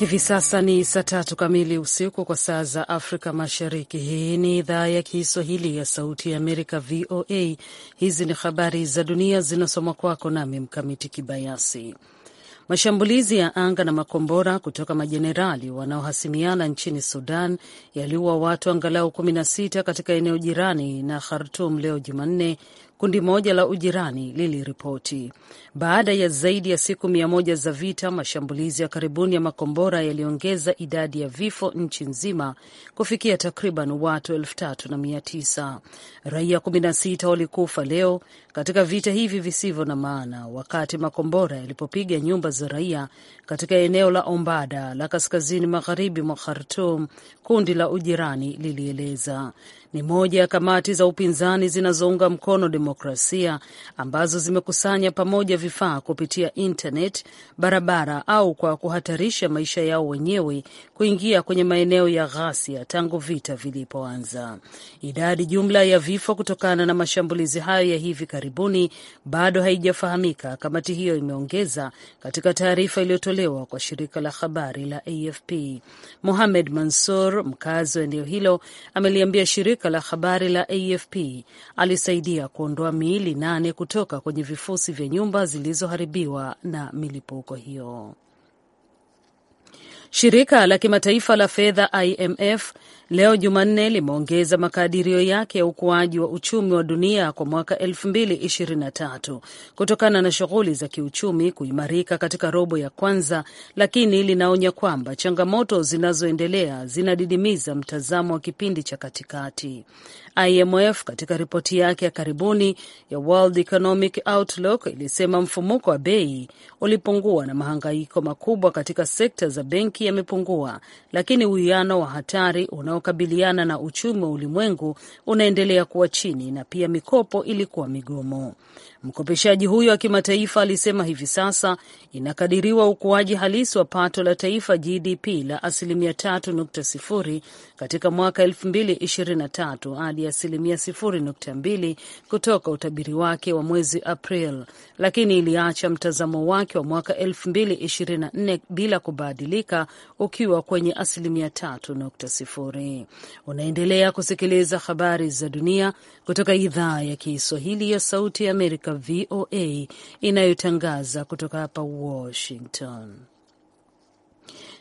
Hivi sasa ni saa tatu kamili usiku kwa saa za Afrika Mashariki. Hii ni idhaa ya Kiswahili ya Sauti ya Amerika, VOA. Hizi ni habari za dunia zinasoma kwako nami Mkamiti Kibayasi. Mashambulizi ya anga na makombora kutoka majenerali wanaohasimiana nchini Sudan yaliua watu angalau 16 katika eneo jirani na Khartum leo Jumanne, kundi moja la Ujirani liliripoti. Baada ya zaidi ya siku mia moja za vita, mashambulizi ya karibuni ya makombora yaliongeza idadi ya vifo nchi nzima kufikia takriban watu elfu tatu na mia tisa. Raia sita walikufa leo katika vita hivi visivyo na maana, wakati makombora yalipopiga nyumba za raia katika eneo la Ombada la kaskazini magharibi mwa Khartum, kundi la Ujirani lilieleza. Ni moja ya kamati za upinzani zinazounga mkono demokrasia kidemokrasia ambazo zimekusanya pamoja vifaa kupitia intanet, barabara au kwa kuhatarisha maisha yao wenyewe kuingia kwenye maeneo ya ghasia tangu vita vilipoanza. Idadi jumla ya vifo kutokana na mashambulizi hayo ya hivi karibuni bado haijafahamika, kamati hiyo imeongeza katika taarifa iliyotolewa kwa shirika la habari la AFP. Mohamed Mansur, mkazi wa eneo hilo, ameliambia shirika la habari la AFP alisaidia kuondoa kuondoa miili nane kutoka kwenye vifusi vya nyumba zilizoharibiwa na milipuko hiyo. Shirika la kimataifa la fedha IMF leo Jumanne limeongeza makadirio yake ya ukuaji wa uchumi wa dunia kwa mwaka 2023 kutokana na shughuli za kiuchumi kuimarika katika robo ya kwanza, lakini linaonya kwamba changamoto zinazoendelea zinadidimiza mtazamo wa kipindi cha katikati. IMF katika ripoti yake ya karibuni ya World Economic Outlook ilisema mfumuko wa bei ulipungua na mahangaiko makubwa katika sekta za benki yamepungua, lakini uwiano wa hatari unao unaokabiliana na uchumi wa ulimwengu unaendelea kuwa chini na pia mikopo ilikuwa migomo. Mkopeshaji huyo wa kimataifa alisema hivi sasa inakadiriwa ukuaji halisi wa pato la taifa GDP la asilimia 3.0 katika mwaka 2023 hadi asilimia 0.2 kutoka utabiri wake wa mwezi April, lakini iliacha mtazamo wake wa mwaka 2024 bila kubadilika ukiwa kwenye asilimia 3.0. Unaendelea kusikiliza habari za dunia kutoka idhaa ya Kiswahili ya Sauti ya Amerika katika VOA inayotangaza kutoka hapa Washington.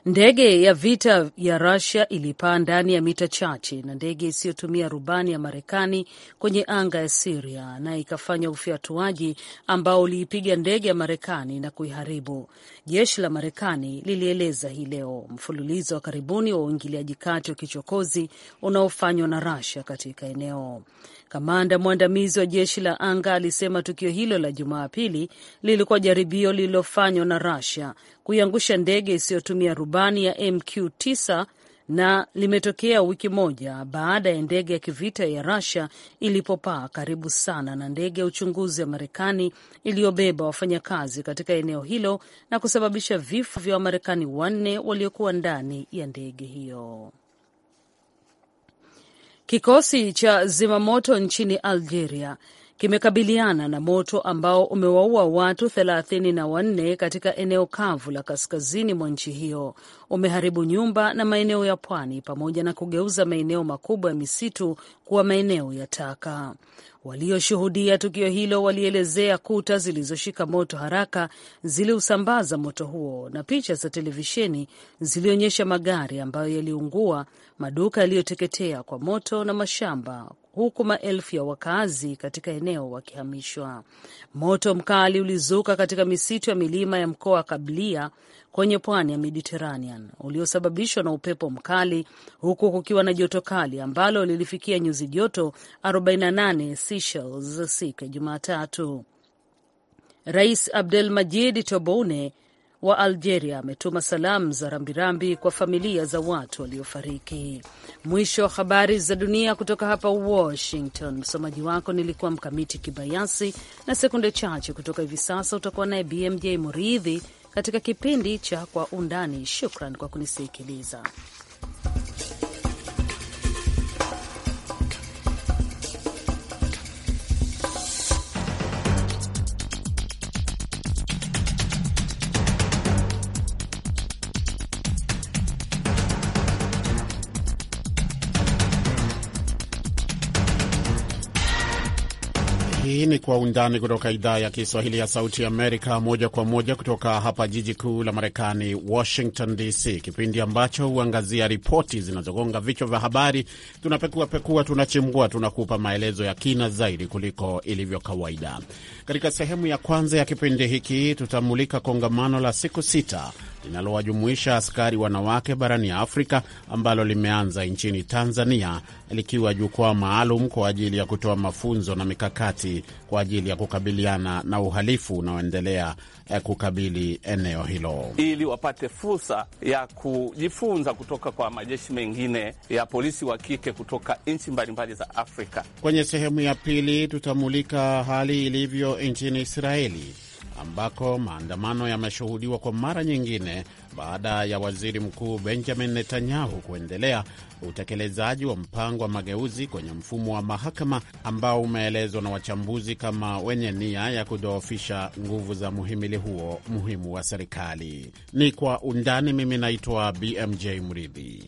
Ndege ya vita ya Rusia ilipaa ndani ya mita chache na ndege isiyotumia rubani ya Marekani kwenye anga ya Siria na ikafanya ufyatuaji ambao uliipiga ndege ya Marekani na kuiharibu, jeshi la Marekani lilieleza hii leo. Mfululizo wa karibuni wa uingiliaji kati wa kichokozi unaofanywa na rasia katika eneo Kamanda mwandamizi wa jeshi la anga alisema tukio hilo la Jumapili lilikuwa jaribio lililofanywa na Russia kuiangusha ndege isiyotumia rubani ya MQ-9 na limetokea wiki moja baada ya ndege ya kivita ya Russia ilipopaa karibu sana na ndege ya uchunguzi ya Marekani iliyobeba wafanyakazi katika eneo hilo na kusababisha vifo vya Wamarekani wanne waliokuwa ndani ya ndege hiyo. Kikosi cha zimamoto nchini Algeria kimekabiliana na moto ambao umewaua watu thelathini na wanne katika eneo kavu la kaskazini mwa nchi hiyo. Umeharibu nyumba na maeneo ya pwani pamoja na kugeuza maeneo makubwa ya misitu kuwa maeneo ya taka. Walioshuhudia tukio hilo walielezea kuta zilizoshika moto haraka ziliusambaza moto huo, na picha za televisheni zilionyesha magari ambayo yaliungua, maduka yaliyoteketea kwa moto na mashamba huku maelfu ya wakazi katika eneo wakihamishwa. Moto mkali ulizuka katika misitu ya milima ya mkoa wa Kablia kwenye pwani ya Mediterranean uliosababishwa na upepo mkali, huku kukiwa na joto kali ambalo lilifikia nyuzi joto 48 Seychelles siku ya Jumatatu. Rais majid Tobone wa Algeria ametuma salamu za rambirambi kwa familia za watu waliofariki. Mwisho wa habari za dunia kutoka hapa Washington. Msomaji wako nilikuwa Mkamiti Kibayasi, na sekunde chache kutoka hivi sasa utakuwa naye BMJ Muridhi katika kipindi cha Kwa Undani. Shukran kwa kunisikiliza. ni Kwa Undani kutoka idhaa ya Kiswahili ya Sauti Amerika, moja kwa moja kutoka hapa jiji kuu la Marekani, Washington DC, kipindi ambacho huangazia ripoti zinazogonga vichwa vya habari. Tunapekuapekua, tunachimbua, tunakupa maelezo ya kina zaidi kuliko ilivyo kawaida. Katika sehemu ya kwanza ya kipindi hiki tutamulika kongamano la siku sita linalowajumuisha askari wanawake barani Afrika ambalo limeanza nchini Tanzania likiwa jukwaa maalum kwa ajili ya kutoa mafunzo na mikakati kwa ajili ya kukabiliana na uhalifu unaoendelea eh, kukabili eneo hilo, ili wapate fursa ya kujifunza kutoka kwa majeshi mengine ya polisi wa kike kutoka nchi mbalimbali za Afrika. Kwenye sehemu ya pili tutamulika hali ilivyo nchini Israeli ambako maandamano yameshuhudiwa kwa mara nyingine baada ya waziri mkuu Benjamin Netanyahu kuendelea utekelezaji wa mpango wa mageuzi kwenye mfumo wa mahakama ambao umeelezwa na wachambuzi kama wenye nia ya kudhoofisha nguvu za muhimili huo muhimu wa serikali. Ni kwa undani. Mimi naitwa BMJ Mridhi.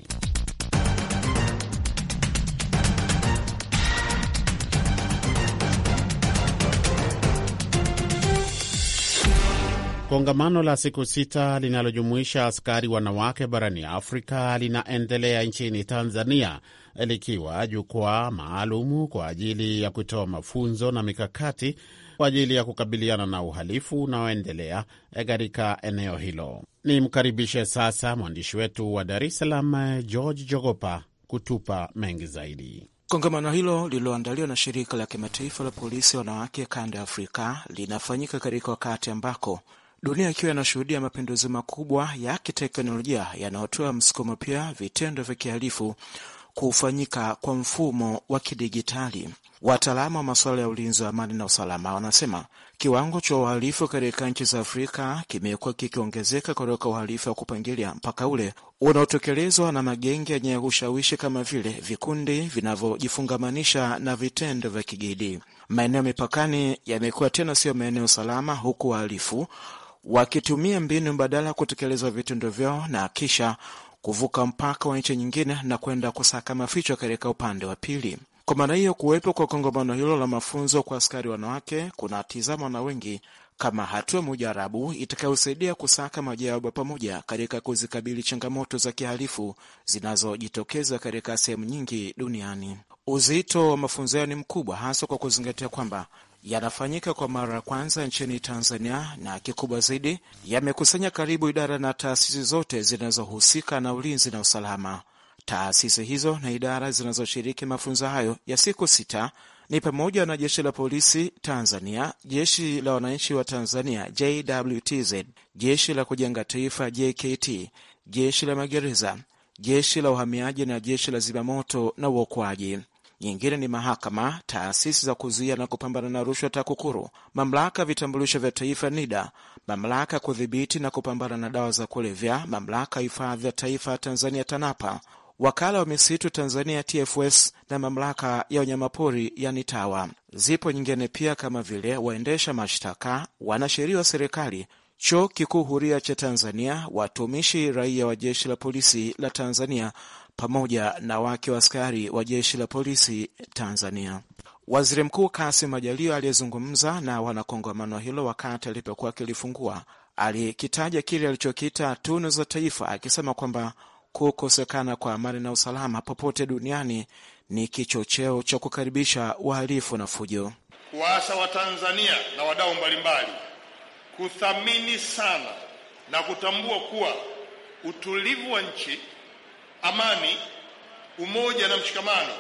Kongamano la siku sita linalojumuisha askari wanawake barani Afrika linaendelea nchini Tanzania likiwa jukwaa maalumu kwa ajili ya kutoa mafunzo na mikakati kwa ajili ya kukabiliana na uhalifu unaoendelea katika eneo hilo. Nimkaribishe sasa mwandishi wetu wa Dar es Salaam George Jogopa kutupa mengi zaidi. Kongamano hilo lililoandaliwa na shirika la kimataifa la polisi wanawake kanda ya Afrika linafanyika katika wakati ambako dunia ikiwa inashuhudia mapinduzi makubwa ya kiteknolojia yanayotoa msukumo pia vitendo vya kihalifu kufanyika kwa mfumo wa kidijitali. Wataalamu wa masuala ya ulinzi wa amani na usalama wanasema kiwango cha uhalifu katika nchi za Afrika kimekuwa kikiongezeka kutoka uhalifu wa kupangilia mpaka ule unaotekelezwa na magenge yenye ushawishi kama vile vikundi vinavyojifungamanisha na vitendo vya kigaidi. Maeneo mipakani yamekuwa tena siyo maeneo salama, huku wahalifu wakitumia mbinu mbadala kutekeleza vitendo vyao na kisha kuvuka mpaka wa nchi nyingine na kwenda kusaka maficho katika upande wa pili. Kwa maana hiyo, kuwepo kwa kongamano hilo la mafunzo kwa askari wanawake tizama na wengi kama hatua mujarabu itakayosaidia kusaka majawabu pamoja katika kuzikabili changamoto za kihalifu zinazojitokeza katika sehemu nyingi duniani. Uzito wa mafunzo yao ni mkubwa, hasa kwa kuzingatia kwamba yanafanyika kwa mara ya kwanza nchini Tanzania na kikubwa zaidi, yamekusanya karibu idara na taasisi zote zinazohusika na ulinzi na usalama. Taasisi hizo na idara zinazoshiriki mafunzo hayo ya siku sita ni pamoja na Jeshi la Polisi Tanzania, Jeshi la Wananchi wa Tanzania JWTZ, Jeshi la Kujenga Taifa JKT, Jeshi la Magereza, Jeshi la Uhamiaji na Jeshi la Zimamoto na Uokoaji. Nyingine ni mahakama, taasisi za kuzuia na kupambana na rushwa TAKUKURU, mamlaka ya vitambulisho vya taifa NIDA, mamlaka ya kudhibiti na kupambana na dawa za kulevya, mamlaka ya hifadhi ya taifa Tanzania TANAPA, wakala wa misitu Tanzania TFS na mamlaka ya wanyamapori yani TAWA. Zipo nyingine pia kama vile waendesha mashtaka, wanasheria wa serikali, chuo kikuu huria cha Tanzania, watumishi raia wa jeshi la polisi la Tanzania pamoja na wake wa askari wa jeshi la polisi Tanzania. Waziri Mkuu Kassim Majaliwa aliyezungumza na wanakongamano hilo wakati alipokuwa akilifungua, alikitaja kile alichokiita tunu za taifa, akisema kwamba kukosekana kwa amani na usalama popote duniani ni kichocheo cha kukaribisha uhalifu na fujo. Kuwaasa Watanzania na wadau mbalimbali kuthamini sana na kutambua kuwa utulivu wa nchi Amani, umoja na mshikamano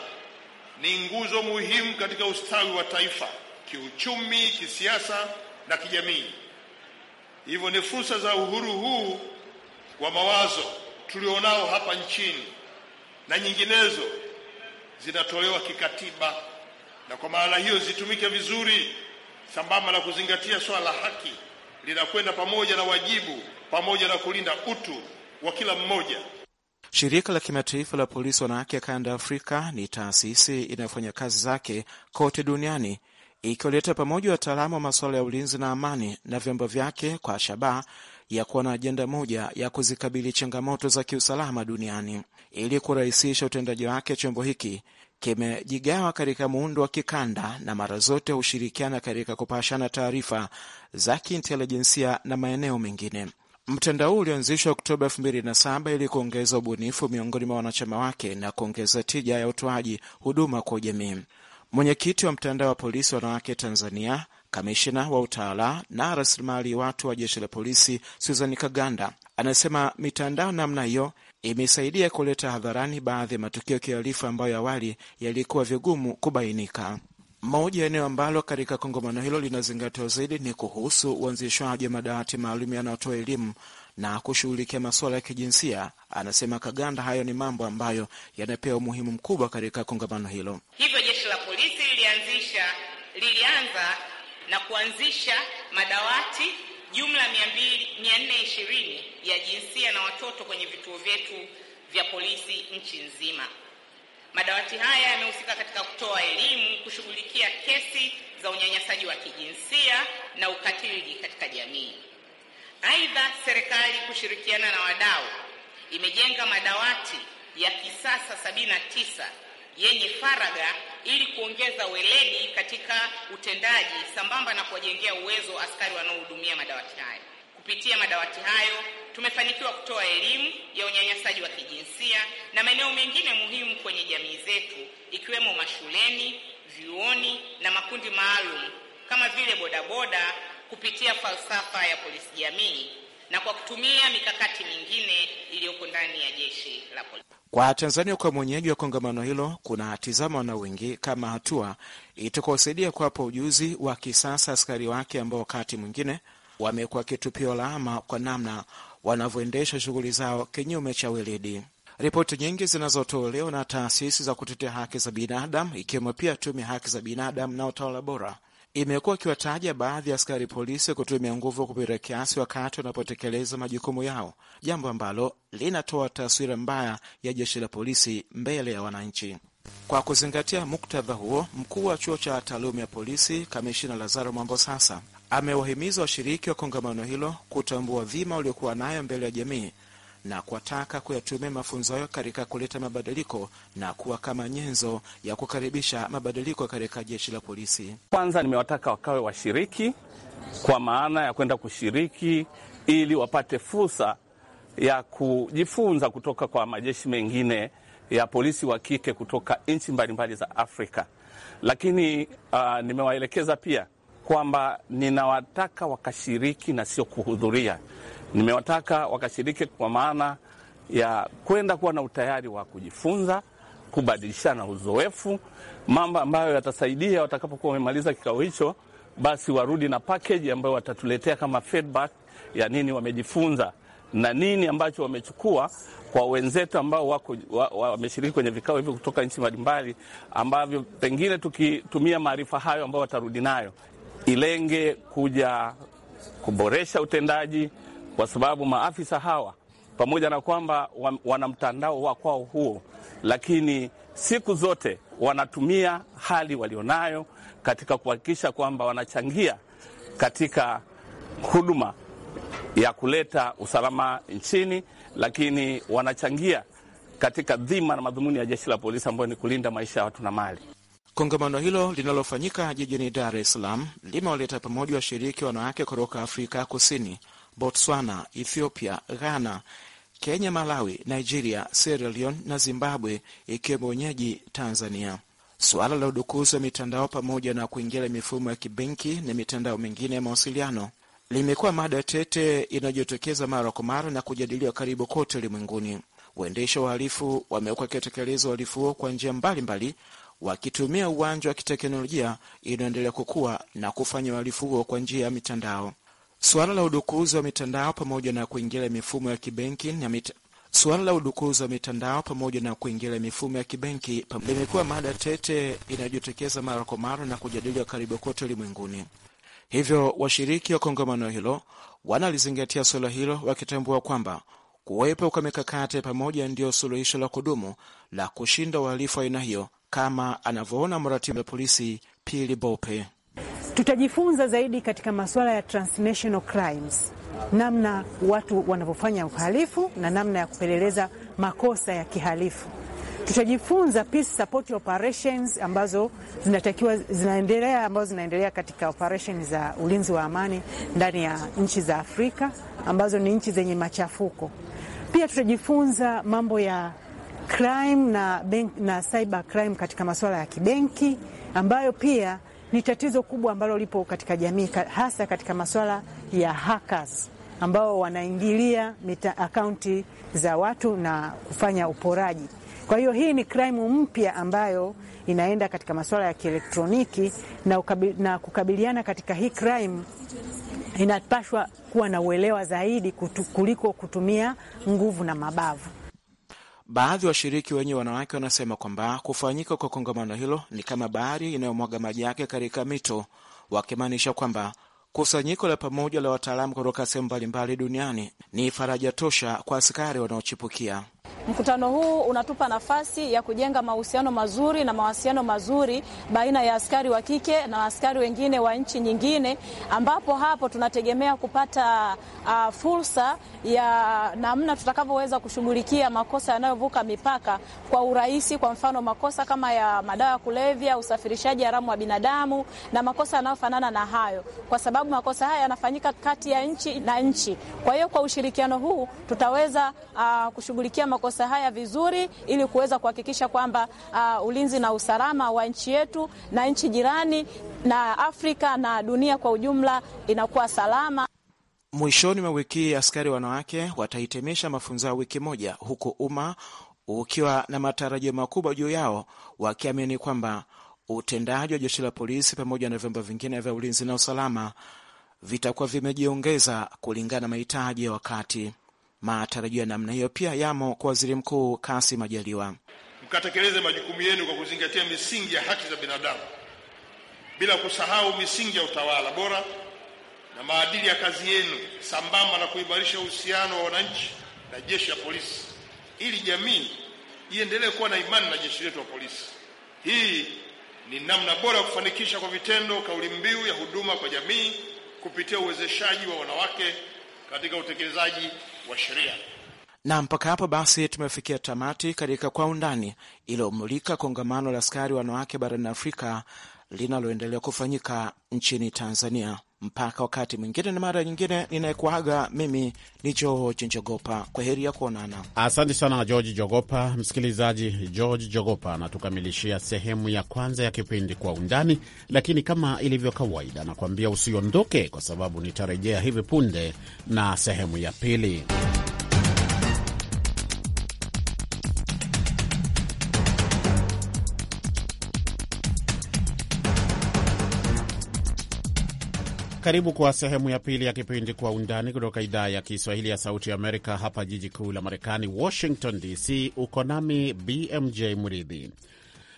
ni nguzo muhimu katika ustawi wa taifa kiuchumi, kisiasa na kijamii. Hivyo ni fursa za uhuru huu wa mawazo tulionao hapa nchini na nyinginezo zinatolewa kikatiba, na kwa maana hiyo zitumike vizuri, sambamba na kuzingatia swala la haki linakwenda pamoja na wajibu, pamoja na kulinda utu wa kila mmoja. Shirika la kimataifa la polisi wanawake kanda Afrika ni taasisi inayofanya kazi zake kote duniani ikiwaleta pamoja wataalamu wa masuala ya ulinzi na amani na vyombo vyake kwa shabaha ya kuwa na ajenda moja ya kuzikabili changamoto za kiusalama duniani. Ili kurahisisha utendaji wake, chombo hiki kimejigawa katika muundo wa kikanda na mara zote hushirikiana katika kupashana taarifa za kiintelijensia na maeneo mengine. Mtandao ulioanzishwa Oktoba 2007 ili kuongeza ubunifu miongoni mwa wanachama wake na kuongeza tija ya utoaji huduma kwa jamii. Mwenyekiti wa mtandao wa polisi wanawake Tanzania, kamishina wa utawala na rasilimali watu wa jeshi la polisi Suzani Kaganda anasema mitandao namna hiyo imesaidia kuleta hadharani baadhi ya matukio ya kihalifu ambayo awali yalikuwa vigumu kubainika. Moja ya eneo ambalo katika kongamano hilo linazingatiwa zaidi ni kuhusu uanzishwaji wa madawati maalum yanayotoa elimu na kushughulikia masuala ya kijinsia. Anasema Kaganda hayo ni mambo ambayo yanapewa umuhimu mkubwa katika kongamano hilo. Hivyo jeshi la polisi lilianzisha lilianza na kuanzisha madawati jumla mia nne ishirini ya jinsia na watoto kwenye vituo vyetu vya polisi nchi nzima. Madawati haya yamehusika katika kutoa elimu, kushughulikia kesi za unyanyasaji wa kijinsia na ukatili katika jamii. Aidha, serikali kushirikiana na wadau imejenga madawati ya kisasa sabini na tisa yenye faragha ili kuongeza weledi katika utendaji sambamba na kuwajengea uwezo askari wanaohudumia madawati haya. Kupitia madawati hayo tumefanikiwa kutoa elimu ya unyanyasaji wa kijinsia na maeneo mengine muhimu kwenye jamii zetu ikiwemo mashuleni, vyuoni na makundi maalum kama vile bodaboda kupitia falsafa ya polisi jamii na kwa kutumia mikakati mingine iliyoko ndani ya jeshi la polisi. Kwa Tanzania kwa mwenyeji wa kongamano hilo, kuna tizama na wengi kama hatua itakaosaidia kuwapa ujuzi wa kisasa askari wake ambao wakati mwingine wamekuwa wakitupiwa lawama kwa namna wanavyoendesha shughuli zao kinyume cha weledi. Ripoti nyingi zinazotolewa na taasisi za kutetea haki za binadamu ikiwemo pia Tume ya Haki za Binadamu na Utawala Bora imekuwa ikiwataja baadhi ya askari polisi kutumia nguvu kupita kiasi wakati wanapotekeleza majukumu yao, jambo ambalo linatoa taswira mbaya ya jeshi la polisi mbele ya wananchi. Kwa kuzingatia muktadha huo, mkuu wa chuo cha taaluma ya polisi Kamishina Lazaro sasa Amewahimiza washiriki wa kongamano hilo kutambua dhima waliokuwa nayo mbele ya jamii na kuwataka kuyatumia mafunzo hayo katika kuleta mabadiliko na kuwa kama nyenzo ya kukaribisha mabadiliko katika jeshi la polisi. Kwanza nimewataka wakawe washiriki kwa maana ya kwenda kushiriki ili wapate fursa ya kujifunza kutoka kwa majeshi mengine ya polisi wa kike kutoka nchi mbalimbali za Afrika. Lakini uh, nimewaelekeza pia kwamba ninawataka wakashiriki na sio kuhudhuria. Nimewataka wakashiriki kwa maana ya kwenda kuwa na utayari wa kujifunza, kubadilishana uzoefu, mambo ambayo yatasaidia watakapokuwa wamemaliza kikao hicho, basi warudi na package ambayo watatuletea kama feedback ya nini wamejifunza na nini ambacho wamechukua kwa wenzetu ambao wako wameshiriki wa, kwenye vikao hivyo kutoka nchi mbalimbali, ambavyo pengine tukitumia maarifa hayo ambayo watarudi nayo ilenge kuja kuboresha utendaji, kwa sababu maafisa hawa pamoja na kwamba wana mtandao wa kwao huo, lakini siku zote wanatumia hali walionayo katika kuhakikisha kwamba wanachangia katika huduma ya kuleta usalama nchini, lakini wanachangia katika dhima na madhumuni ya jeshi la polisi ambayo ni kulinda maisha ya watu na mali. Kongamano hilo linalofanyika jijini Dar es Salaam limewaleta pamoja washiriki wanawake kutoka Afrika Kusini, Botswana, Ethiopia, Ghana, Kenya, Malawi, Nigeria, Sierra Leone na Zimbabwe, ikiwemo wenyeji Tanzania. Suala la udukuzi wa mitandao pamoja na kuingilia mifumo ya kibenki na mitandao mingine ya mawasiliano limekuwa mada tete inayojitokeza mara kwa mara na kujadiliwa karibu kote ulimwenguni. Waendesha wahalifu wamekuwa wakitekeleza uhalifu huo kwa njia mbalimbali, wakitumia uwanja wa kiteknolojia inayoendelea kukua na kufanya uhalifu huo kwa njia ya mitandao. Suala la udukuzi wa mitandao pamoja na kuingilia mifumo ya kibenki na mit... suala la udukuzi wa mitandao pamoja na kuingilia mifumo ya kibenki limekuwa mada tete inayojitokeza mara kwa mara na kujadiliwa karibu kote ulimwenguni. Hivyo washiriki wa kongamano hilo wanalizingatia suala hilo, wakitambua kwamba kuwepo kwa mikakati pamoja ndiyo suluhisho la kudumu la kushinda uhalifu wa aina hiyo kama anavyoona mratibu wa polisi Pili Bope. Tutajifunza zaidi katika masuala ya transnational crimes, namna watu wanavyofanya uhalifu na namna ya kupeleleza makosa ya kihalifu. Tutajifunza peace support operations ambazo zinatakiwa zinaendelea, ambazo zinaendelea katika operation za ulinzi wa amani ndani ya nchi za Afrika ambazo ni nchi zenye machafuko. Pia tutajifunza mambo ya crime na, bank, na cyber crime katika masuala ya kibenki ambayo pia ni tatizo kubwa ambalo lipo katika jamii hasa katika masuala ya hackers ambao wanaingilia akaunti za watu na kufanya uporaji. Kwa hiyo hii ni crime mpya ambayo inaenda katika masuala ya kielektroniki na, na kukabiliana katika hii crime inapashwa kuwa na uelewa zaidi kutu, kuliko kutumia nguvu na mabavu. Baadhi ya washiriki wenye wanawake wanasema kwamba kufanyika kwa kongamano hilo ni kama bahari inayomwaga maji yake katika mito, wakimaanisha kwamba kusanyiko la pamoja la wataalamu kutoka sehemu mbalimbali duniani ni faraja tosha kwa askari wanaochipukia. Mkutano huu unatupa nafasi ya kujenga mahusiano mazuri na mawasiliano mazuri baina ya askari wa kike na askari wengine wa nchi nyingine, ambapo hapo tunategemea kupata uh, fursa ya namna tutakavyoweza kushughulikia makosa yanayovuka mipaka kwa urahisi. Kwa mfano, makosa kama ya madawa ya kulevya, usafirishaji haramu wa binadamu na makosa yanayofanana na hayo, kwa sababu makosa haya yanafanyika kati ya nchi na nchi. Kwa hiyo, kwa ushirikiano huu tutaweza uh, kushughulikia makosa haya vizuri, ili kuweza kuhakikisha kwamba uh, ulinzi na usalama wa nchi yetu na nchi jirani na Afrika na dunia kwa ujumla inakuwa salama. Mwishoni mwa wiki hii askari wanawake watahitimisha mafunzo ya wiki moja, huku umma ukiwa na matarajio makubwa juu yao, wakiamini kwamba utendaji wa jeshi la polisi pamoja na vyombo vingine vya ulinzi na usalama vitakuwa vimejiongeza kulingana na mahitaji ya wakati. Matarajio ya namna hiyo pia yamo kwa waziri mkuu Kassim Majaliwa. Mkatekeleze majukumu yenu kwa kuzingatia misingi ya haki za binadamu bila kusahau misingi ya utawala bora na maadili ya kazi yenu, sambamba na kuimarisha uhusiano wa wananchi na jeshi la polisi, ili jamii iendelee kuwa na imani na jeshi letu la polisi. Hii ni namna bora ya kufanikisha kwa vitendo kauli mbiu ya huduma kwa jamii kupitia uwezeshaji wa wanawake katika utekelezaji wa sheria. Na mpaka hapo basi tumefikia tamati katika Kwa Undani iliyomulika kongamano la askari wanawake barani Afrika linaloendelea kufanyika nchini Tanzania mpaka wakati mwingine na mara nyingine, ninayekuaga mimi ni George Njogopa. Kwa heri ya kuonana. Asante sana George Jogopa. Msikilizaji, George Jogopa anatukamilishia sehemu ya kwanza ya kipindi Kwa Undani, lakini kama ilivyo kawaida, nakuambia usiondoke, kwa sababu nitarejea hivi punde na sehemu ya pili. Karibu kwa sehemu ya pili ya kipindi Kwa Undani kutoka idhaa ya Kiswahili ya Sauti ya Amerika, hapa jiji kuu la Marekani, Washington DC. Uko nami BMJ Muridhi.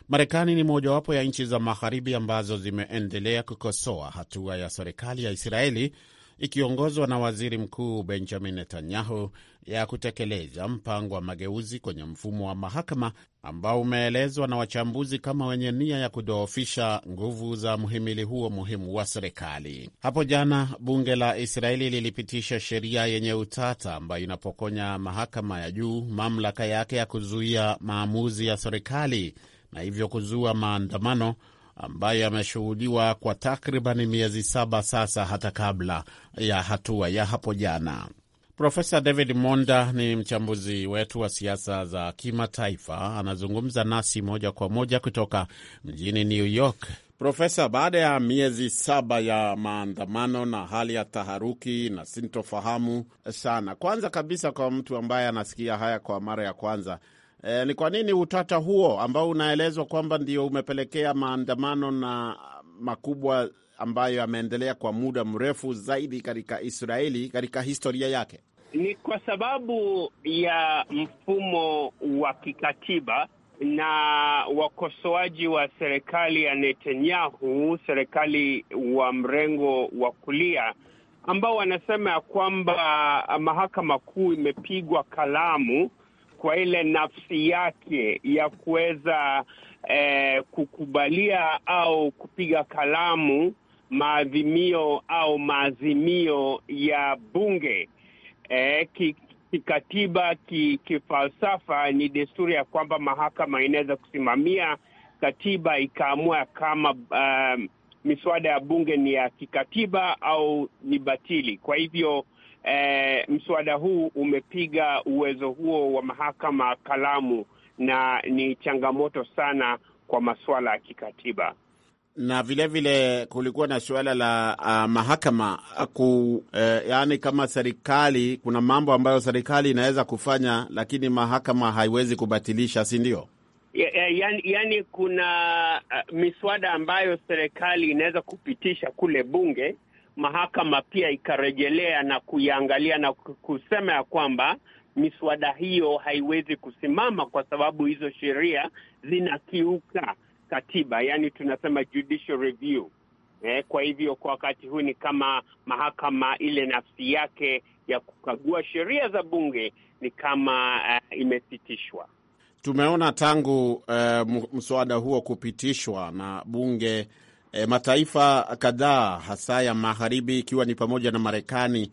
Marekani ni mojawapo ya nchi za magharibi ambazo zimeendelea kukosoa hatua ya serikali ya Israeli ikiongozwa na waziri mkuu Benjamin Netanyahu ya kutekeleza mpango wa mageuzi kwenye mfumo wa mahakama ambao umeelezwa na wachambuzi kama wenye nia ya kudhoofisha nguvu za mhimili huo muhimu wa serikali. Hapo jana bunge la Israeli lilipitisha sheria yenye utata ambayo inapokonya mahakama ya juu mamlaka yake ya kuzuia maamuzi ya serikali na hivyo kuzua maandamano ambaye ameshuhudiwa kwa takriban miezi saba sasa, hata kabla ya hatua ya hapo jana. Profesa David Monda ni mchambuzi wetu wa siasa za kimataifa, anazungumza nasi moja kwa moja kutoka mjini New York. Profesa, baada ya miezi saba ya maandamano na hali ya taharuki na sintofahamu sana, kwanza kabisa, kwa mtu ambaye anasikia haya kwa mara ya kwanza, E, ni kwa nini utata huo ambao unaelezwa kwamba ndio umepelekea maandamano na makubwa ambayo yameendelea kwa muda mrefu zaidi katika Israeli katika historia yake? Ni kwa sababu ya mfumo wa kikatiba na wakosoaji wa serikali ya Netanyahu, serikali wa mrengo wa kulia ambao wanasema ya kwamba mahakama kuu imepigwa kalamu kwa ile nafsi yake ya kuweza eh, kukubalia au kupiga kalamu maadhimio au maazimio ya bunge eh, ki, kikatiba ki, kifalsafa ni desturi ya kwamba mahakama inaweza kusimamia katiba ikaamua kama um, miswada ya bunge ni ya kikatiba au ni batili. Kwa hivyo e, mswada huu umepiga uwezo huo wa mahakama kalamu, na ni changamoto sana kwa masuala ya kikatiba na vilevile vile kulikuwa na suala la uh, mahakama ku, eh, yaani kama serikali, kuna mambo ambayo serikali inaweza kufanya lakini mahakama haiwezi kubatilisha, si ndio? Yaani, yaani kuna uh, miswada ambayo serikali inaweza kupitisha kule bunge mahakama pia ikarejelea na kuiangalia na kusema ya kwamba miswada hiyo haiwezi kusimama kwa sababu hizo sheria zinakiuka katiba, yaani tunasema judicial review. Eh, kwa hivyo kwa wakati huu ni kama mahakama ile nafsi yake ya kukagua sheria za bunge ni kama uh, eh, imepitishwa. Tumeona tangu uh, mswada huo kupitishwa na bunge e, mataifa kadhaa hasa ya magharibi ikiwa ni pamoja na Marekani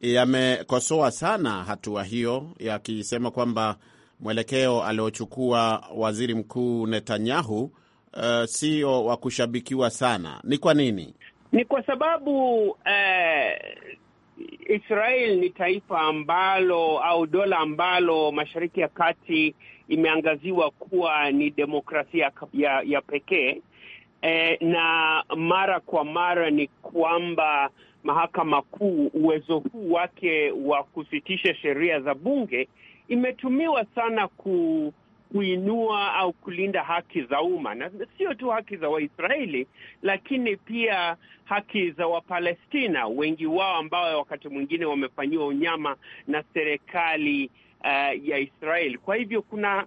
yamekosoa sana hatua hiyo yakisema kwamba mwelekeo aliochukua waziri mkuu Netanyahu uh, sio wa kushabikiwa sana. Ni kwa nini? Ni kwa sababu eh... Israel ni taifa ambalo au dola ambalo Mashariki ya Kati imeangaziwa kuwa ni demokrasia ya, ya pekee eh, na mara kwa mara ni kwamba mahakama kuu uwezo huu wake wa kusitisha sheria za bunge imetumiwa sana ku kuinua au kulinda haki za umma na sio tu haki za Waisraeli, lakini pia haki za Wapalestina, wengi wao ambao wakati mwingine wamefanyiwa unyama na serikali uh, ya Israeli. Kwa hivyo kuna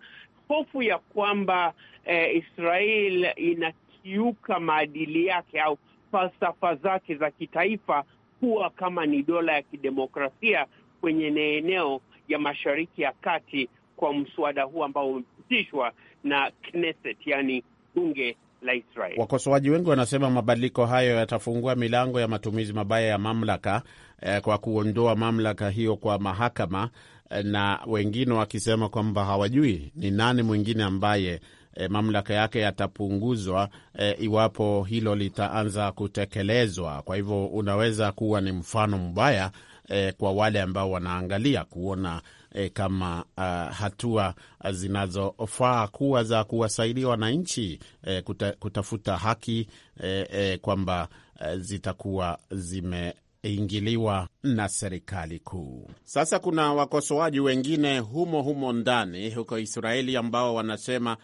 hofu ya kwamba uh, Israel ina kukiuka maadili yake au falsafa zake za kitaifa kuwa kama ni dola ya kidemokrasia kwenye eneo ya Mashariki ya Kati kwa mswada huu ambao umepitishwa na Knesset, yani bunge la Israel. Wakosoaji wengi wanasema mabadiliko hayo yatafungua milango ya matumizi mabaya ya mamlaka eh, kwa kuondoa mamlaka hiyo kwa mahakama eh, na wengine wakisema kwamba hawajui ni nani mwingine ambaye e, mamlaka yake yatapunguzwa e, iwapo hilo litaanza kutekelezwa. Kwa hivyo unaweza kuwa ni mfano mbaya e, kwa wale ambao wanaangalia kuona e, kama a, hatua zinazofaa kuwa za kuwasaidia wananchi e, kuta, kutafuta haki e, e, kwamba e, zitakuwa zime ingiliwa na serikali kuu. Sasa kuna wakosoaji wengine humo humo ndani huko Israeli ambao wanasema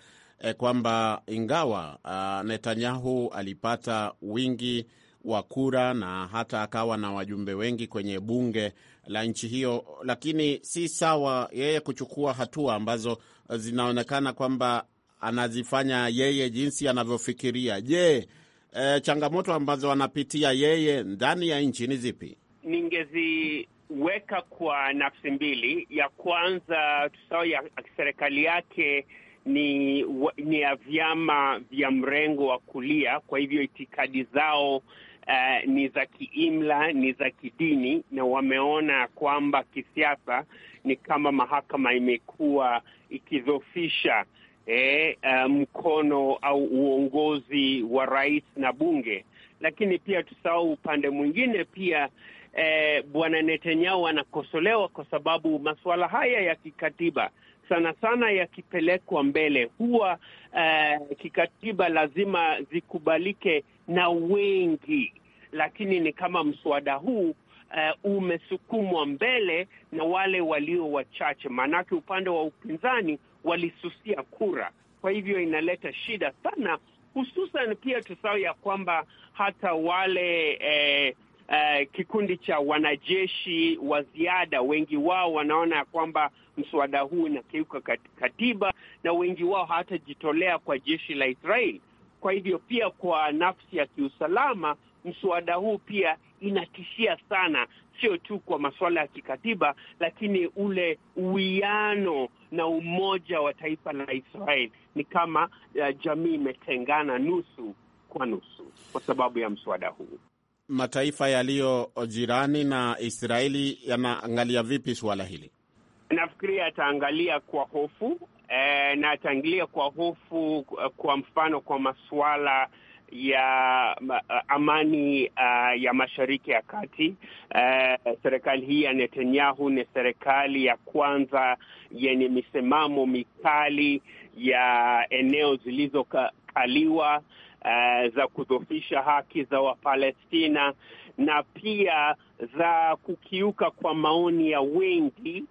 eh, kwamba ingawa uh, Netanyahu alipata wingi wa kura na hata akawa na wajumbe wengi kwenye bunge la nchi hiyo, lakini si sawa yeye kuchukua hatua ambazo zinaonekana kwamba anazifanya yeye jinsi anavyofikiria. Je, e, changamoto ambazo anapitia yeye ndani ya nchi ni zipi? Ningeziweka kwa nafsi mbili. Ya kwanza tusawa ya serikali yake ni, ni ya vyama vya mrengo wa kulia. Kwa hivyo itikadi zao uh, ni za kiimla, ni za kidini, na wameona kwamba kisiasa ni kama mahakama imekuwa ikidhofisha eh, uh, mkono au uongozi wa rais na bunge. Lakini pia tusahau upande mwingine pia eh, Bwana Netanyahu anakosolewa kwa sababu masuala haya ya kikatiba sana sana yakipelekwa mbele huwa uh, kikatiba lazima zikubalike na wengi, lakini ni kama mswada huu Uh, umesukumwa mbele na wale walio wachache, maanake upande wa upinzani walisusia kura. Kwa hivyo inaleta shida sana, hususan pia tusao ya kwamba hata wale eh, eh, kikundi cha wanajeshi wa ziada, wengi wao wanaona ya kwamba mswada huu unakiuka katiba na wengi wao hawatajitolea kwa jeshi la israel Kwa hivyo pia kwa nafsi ya kiusalama, mswada huu pia inatishia sana, sio tu kwa masuala ya kikatiba, lakini ule uwiano na umoja wa taifa la israel Ni kama uh, jamii imetengana nusu kwa nusu kwa sababu ya mswada huu. Mataifa yaliyo jirani na Israeli yanaangalia vipi suala hili? Nafikiria ataangalia kwa hofu e, na ataangalia kwa hofu, eh, kwa mfano kwa masuala ya eh, amani uh, ya Mashariki ya Kati. Uh, serikali hii ya Netanyahu ni serikali ya kwanza yenye misimamo mikali ya eneo zilizokaliwa uh, za kudhofisha haki za Wapalestina na pia za kukiuka kwa maoni ya wengi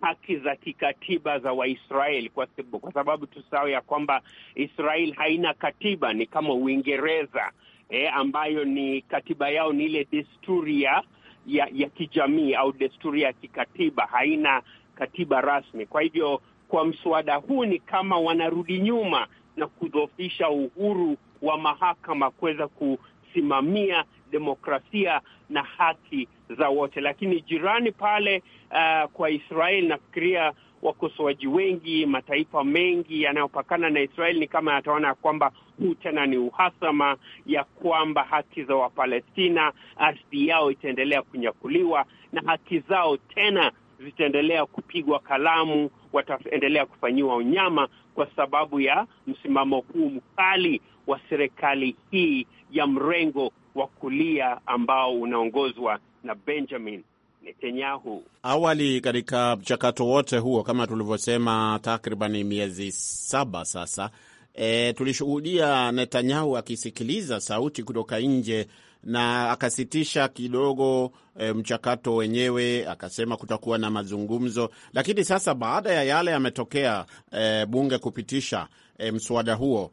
haki za kikatiba za Waisraeli, kwa, kwa sababu tusahau ya kwamba israel haina katiba, ni kama Uingereza eh, ambayo ni katiba yao ni ile desturi ya, ya kijamii au desturi ya kikatiba, haina katiba rasmi. Kwa hivyo kwa mswada huu ni kama wanarudi nyuma na kudhoofisha uhuru wa mahakama kuweza kusimamia demokrasia na haki za wote, lakini jirani pale uh, kwa Israel nafikiria wakosoaji wengi, mataifa mengi yanayopakana na Israel ni kama yataona ya kwamba huu tena ni uhasama, ya kwamba haki za Wapalestina, ardhi yao itaendelea kunyakuliwa na haki zao tena zitaendelea kupigwa kalamu, wataendelea kufanyiwa unyama kwa sababu ya msimamo huu mkali wa serikali hii ya mrengo wa kulia ambao unaongozwa na Benjamin Netanyahu. Awali katika mchakato wote huo, kama tulivyosema, takriban miezi saba sasa, e, tulishuhudia Netanyahu akisikiliza sauti kutoka nje na akasitisha kidogo e, mchakato wenyewe, akasema kutakuwa na mazungumzo. Lakini sasa baada ya yale yametokea, e, bunge kupitisha e, mswada huo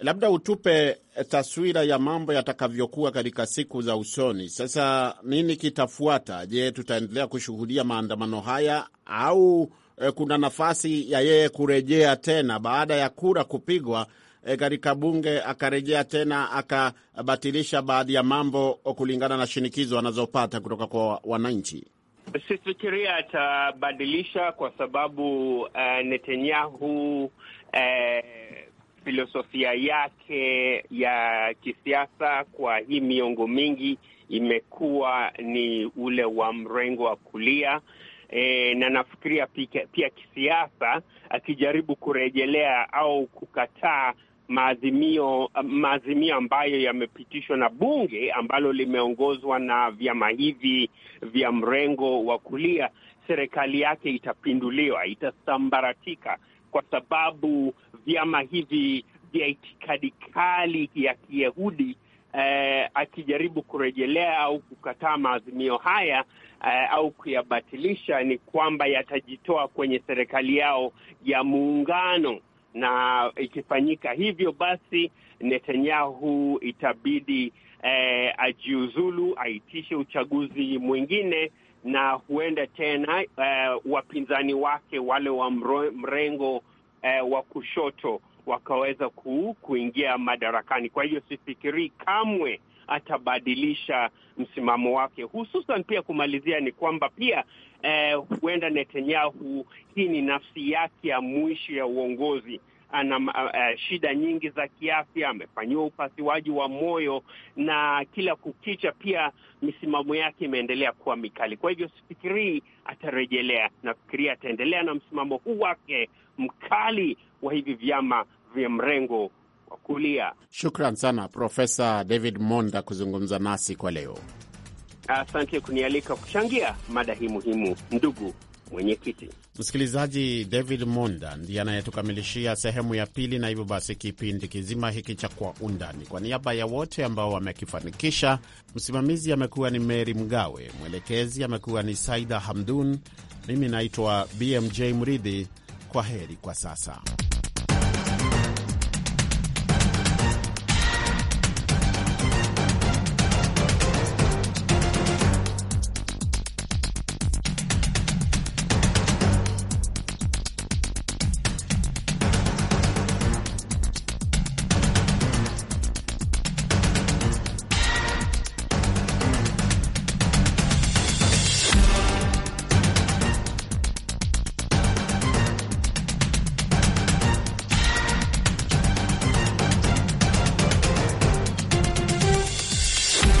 Labda utupe eh, taswira ya mambo yatakavyokuwa katika siku za usoni. Sasa nini kitafuata? Je, tutaendelea kushuhudia maandamano haya au e, kuna nafasi ya yeye kurejea tena baada ya kura kupigwa e, katika bunge akarejea tena akabatilisha baadhi ya mambo kulingana na shinikizo anazopata kutoka kwa wananchi? Sifikiria atabadilisha kwa sababu uh, Netanyahu uh, filosofia yake ya kisiasa kwa hii miongo mingi imekuwa ni ule wa mrengo wa kulia. E, na nafikiria pia, pia kisiasa akijaribu kurejelea au kukataa maazimio maazimio ambayo yamepitishwa na bunge ambalo limeongozwa na vyama hivi vya mrengo wa kulia, serikali yake itapinduliwa, itasambaratika kwa sababu vyama hivi vya itikadi kali ya Kiyahudi eh, akijaribu kurejelea au kukataa maazimio haya eh, au kuyabatilisha, ni kwamba yatajitoa kwenye serikali yao ya muungano, na ikifanyika hivyo, basi Netanyahu itabidi eh, ajiuzulu, aitishe uchaguzi mwingine na huenda tena uh, wapinzani wake wale wa mrengo uh, wa kushoto wakaweza ku, kuingia madarakani. Kwa hivyo sifikirii kamwe atabadilisha msimamo wake, hususan pia kumalizia ni kwamba pia eh, huenda Netanyahu, hii ni nafsi yake ya mwisho ya uongozi ana uh, shida nyingi za kiafya, amefanyiwa upasuaji wa moyo na kila kukicha pia misimamo yake imeendelea kuwa mikali. Kwa hivyo sifikirii atarejelea, nafikiria ataendelea na msimamo huu wake mkali wa hivi vyama vya mrengo wa kulia. Shukran sana Profesa David Monda kuzungumza nasi kwa leo. Asante kunialika kuchangia mada hii muhimu, ndugu mwenyekiti. Msikilizaji, David Monda ndiye anayetukamilishia sehemu ya pili, na hivyo basi kipindi kizima hiki cha Kwa Undani, kwa niaba ya wote ambao wamekifanikisha, msimamizi amekuwa ni Meri Mgawe, mwelekezi amekuwa ni Saida Hamdun, mimi naitwa BMJ Mridhi. Kwa heri kwa sasa.